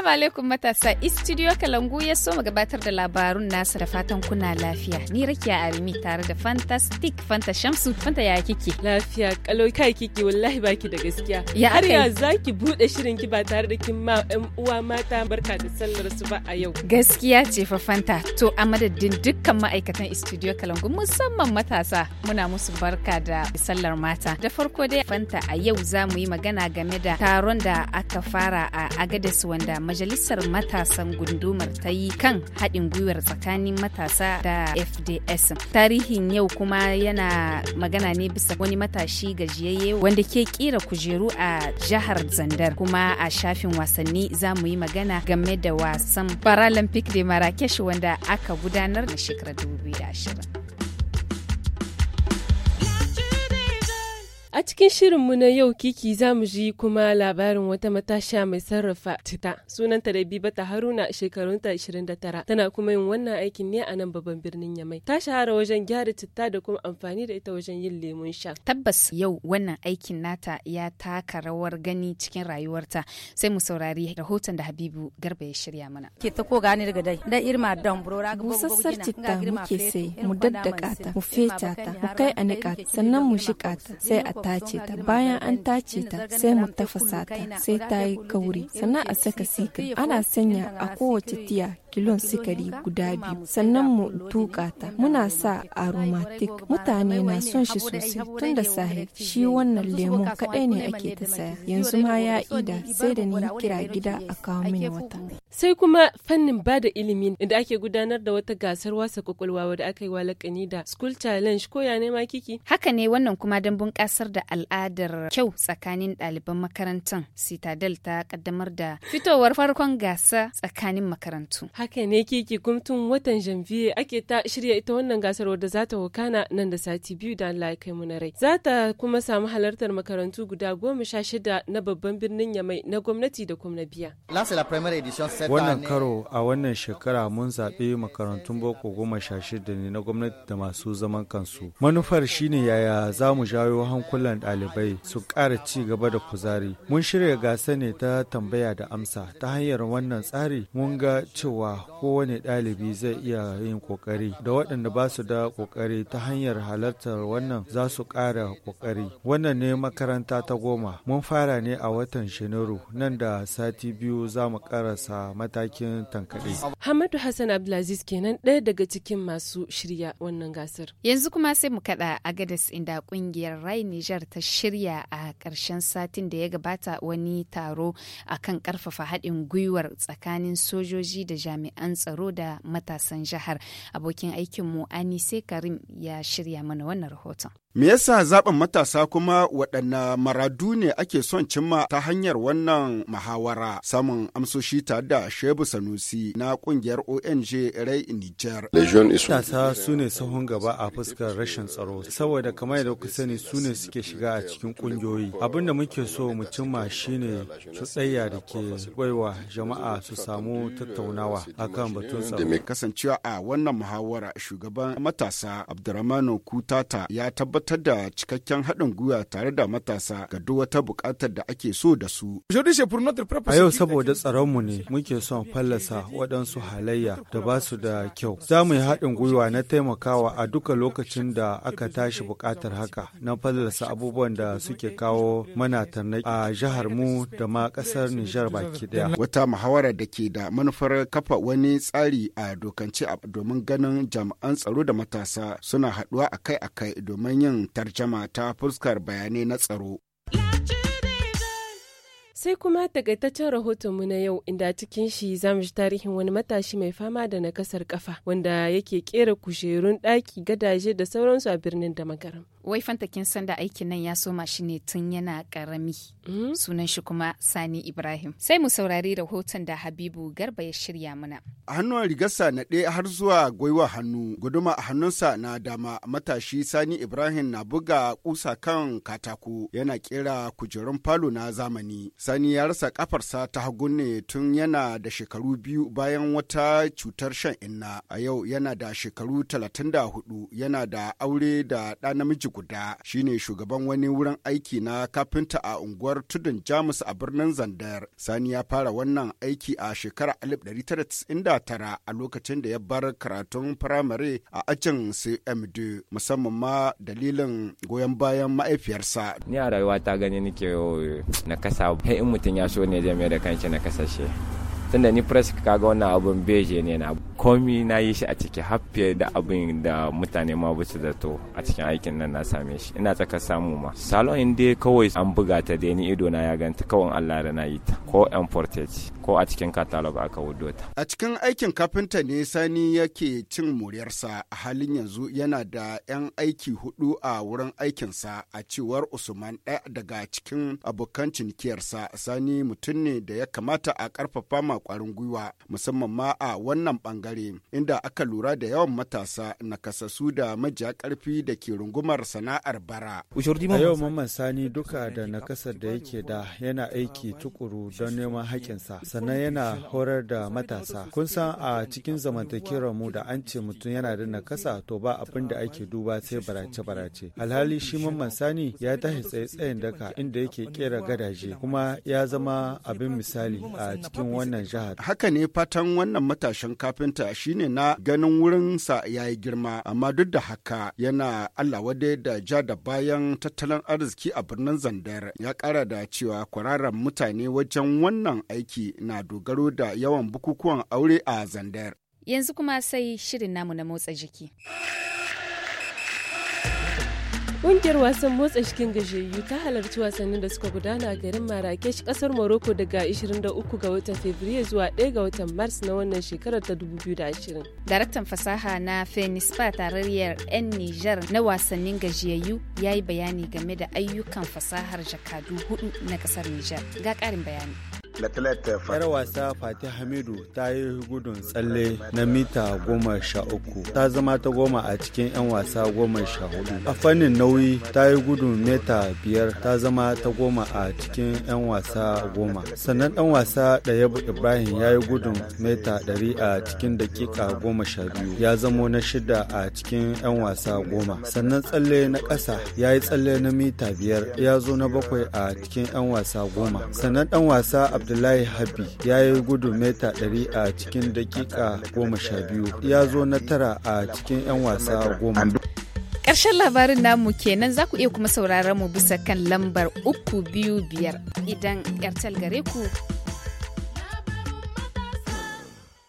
Assalamu alaikum matasa. Studio Kalangu ya so gabatar da labarun nasa da fatan kuna lafiya. Ni Rakiya Arimi tare da Fantastic Fanta Shamsu. Fanta ya kike? Lafiya kalau kai kike wallahi baki da gaskiya. Ya har ya zaki bude shirin ki ba tare da kin ma ɗan uwa mata barka da sallar su ba a yau. Gaskiya ce fa Fanta. To a madadin dukkan ma'aikatan Studio Kalangu musamman matasa muna musu barka da sallar mata. Da farko dai Fanta a yau za mu yi magana game da taron da aka fara a Agadez wanda majalisar matasan gundumar ta yi kan haɗin gwiwar tsakanin matasa da fds tarihin yau kuma yana magana ne bisa wani matashi gajiyayye wanda ke kira kujeru a jihar zandar kuma a shafin wasanni za mu yi magana game da wasan paralympic de marrakesh wanda aka gudanar da shekarar 2020 A cikin shirinmu na yau kiki za mu ji kuma labarin wata matasha mai sarrafa tita Sunanta da Bibata Haruna shekarunta 29 tana kuma yin wannan aikin ne a nan babban birnin Yamai. Ta shahara wajen gyara citta da kuma amfani da ita wajen yin lemun sha. Tabbas yau wannan aikin nata ya taka rawar gani cikin rayuwarta. Sai mu saurari rahoton da Habibu Garba ya shirya mana. Ke ta ko gani daga dai. Da irma dan burora ga Busassar citta muke sai mu daddaka ta, mu feta ta, mu kai a niƙa sannan mu shiƙa ta sai a tace ta bayan an tace ta sai mu tafasa ta sai ta yi kauri sannan a saka sikir ana sanya a kowace tiya kilon sikari guda biyu sannan mu tuka ta muna sa aromatic mutane na son shi sosai tun da sahi shi wannan lemon kadai ne ake ta saya yanzu ma ya ida sai da ni kira gida a kawo mini wata sai kuma fannin bada ilimi da ake gudanar da wata gasar wasa kwakwalwa wadda aka yi walakani da school challenge ko ya nema kiki haka ne wannan kuma don bunƙasar da al'adar kyau tsakanin ɗaliban makarantar citadel ta kaddamar da fitowar farkon gasa tsakanin makarantu Haka ne ke gumtun watan janvier ake ta shirya ita wannan gasar wadda za ta wakana nan da sati biyu da Allah ya kai mu na rai. Za ta kuma samu halartar makarantu guda goma sha shida na babban birnin Yamai na gwamnati da kuma na biya. Wannan karo a wannan shekara mun zaɓi makarantun boko goma sha shida ne na gwamnati da masu zaman kansu. Manufar shine yaya za mu jawo hankulan ɗalibai su ƙara ci gaba da kuzari. Mun shirya gasa ne ta tambaya da amsa ta hanyar wannan tsari mun ga cewa kowane ɗalibi zai iya yin ƙoƙari da waɗanda ba su da ƙoƙari ta hanyar halartar wannan za su ƙara ƙoƙari. Wannan ne makaranta ta goma. Mun fara ne a watan Janairu nan da sati biyu za mu ƙarasa matakin tankaɗe. Hamadu Hassan Abdulaziz kenan ɗaya daga cikin masu shirya wannan gasar. Yanzu kuma sai mu kaɗa Agadas inda ƙungiyar Rai Nijar ta shirya a ƙarshen satin da ya gabata wani taro akan ƙarfafa haɗin gwiwar tsakanin sojoji da jami'ai. jami'an tsaro da matasan jihar. Abokin aikinmu Anise Karim ya shirya mana wannan rahoton. Me yasa zaɓin matasa kuma waɗanne maradu ne ake son cimma ta hanyar wannan muhawara samun amsoshi tare da Shebu Sanusi na ƙungiyar ONG Rai Niger. Matasa su ne sahun gaba a fuskar rashin tsaro saboda kamar yadda ku sani su ne suke shiga a cikin ƙungiyoyi. Abin da muke so mu cimma su tsaya da ke baiwa jama'a su samu tattaunawa akan batun tsaro. Kasancewa a wannan muhawara shugaban matasa Abdurrahmanu Kutata ya tabbatar tabbatar da cikakken haɗin gwiwa tare da matasa ga duk wata buƙatar da ake so da su. A yau saboda tsaron mu ne muke son fallasa waɗansu halayya da ba su da kyau. Za mu yi haɗin gwiwa na taimakawa a duka lokacin da aka tashi buƙatar haka na fallasa abubuwan da suke kawo mana a jihar mu da ma ƙasar Nijar baki ɗaya. Wata muhawara da ke da manufar kafa wani tsari a dokance domin ganin jami'an tsaro da matasa suna haɗuwa akai-akai domin yin yin tarjama ta fuskar bayanai na tsaro. Sai kuma takaitaccen rahotonmu na yau inda cikin shi za mu ji tarihin wani matashi mai fama da nakasar kafa wanda yake kera kujerun ɗaki gadaje da sauransu a birnin da magaram. wai fanta kin san da aikin nan ya soma shi ne tun yana karami mm. sunan shi kuma sani ibrahim sai mu saurari rahoton da habibu garba ya shirya mana a hannun rigarsa na ɗaya har zuwa gwaiwa hannu guduma a hannunsa na dama matashi sani ibrahim na buga kusa kan katako yana kera kujerun falo na zamani sani ya rasa kafarsa ta hagu ne tun yana da shekaru biyu bayan wata cutar shan inna a yau yana da shekaru talatin da hudu yana da aure da ɗa namiji guda shine shugaban wani wurin aiki na kafinta a unguwar tudun Jamus a birnin Zandar. Sani ya fara wannan aiki a shekarar 1999 a lokacin da ya bar karatun firamare a ajin CMD musamman ma dalilin goyon bayan mahaifiyarsa. Ni a rayuwa ta gani nake oh, na kasa in mutum ya so ne jami'a da kanshi na kasashe. tunda ni press kaga wannan abun beje ne na komi na yi shi a ciki haffiye da abin da mutane ma ba su zato a cikin aikin nan na same shi ina tsaka samu ma salon dai kawai an buga ta da ni ido na ya ganta kawai Allah da na yi ta ko importage ko a cikin katalog aka wudo ta. A cikin aikin kafinta ne Sani yake cin muryarsa a halin yanzu yana da 'yan aiki hudu a wurin aikinsa a cewar Usman ɗaya daga cikin abokan cinikiyarsa Sani mutum ne da ya kamata a ƙarfafa ma kwarin gwiwa musamman ma a wannan bangare inda aka lura da yawan matasa nakasassu da majiya ƙarfi da ke rungumar sana'ar bara. A yau Mamman Sani duka da nakasar da yake da yana aiki tukuru don neman haƙƙinsa. sannan yana horar da matasa kun san a cikin zamantakewar mu da an ce mutum yana da nakasa to ba abin da ake duba sai barace barace alhali shi mamman sani ya tashi tsaye-tsayen daka inda yake kera gadaje kuma ya zama abin misali a cikin wannan jihar haka ne fatan wannan matashin kafinta shine na ganin wurin sa yi girma amma duk da haka yana Allah wadai da ja da bayan tattalin arziki a birnin Zandar ya kara da cewa kwararan mutane wajen wannan aiki na dogaro da yawan bukukuwan aure a Zandar. Yanzu kuma sai shirin namu na motsa jiki. Ƙungiyar wasan motsa cikin gajiyayyu ta halarci wasannin da suka gudana a garin Marrakesh ƙasar Morocco daga 23 ga watan Fabrairu zuwa 1 ga watan Mars na wannan shekarar ta 2020. Daraktan fasaha na Fenispa tarayyar 'yan Nijar na wasannin gajiyayyu ya yi bayani game da ayyukan fasahar jakadu hudu na ƙasar Nijar. Ga ƙarin bayani. yar wasa Fati hamidu ta yi gudun tsalle na mita goma sha uku ta zama ta goma a cikin 'yan wasa goma sha hudu a fannin nauyi ta yi gudun mita biyar ta zama ta goma a cikin 'yan wasa goma sannan dan wasa da yabu ibrahim ya yi gudun mita ɗari a cikin dakika goma sha biyu ya zamo na shida a cikin 'yan wasa goma sannan tsalle na ƙasa ya yi tsalle na mita biyar ya zo na bakwai a cikin 'yan wasa goma sannan dan wasa abdul Abdullahi Habi ya yi gudu mita 100 a cikin dakika 12 ya zo na tara a cikin 'yan wasa goma. Ƙarshen labarin namu kenan za ku iya kuma sauraron mu bisa kan lambar uku biyu biyar idan 'yartal gare ku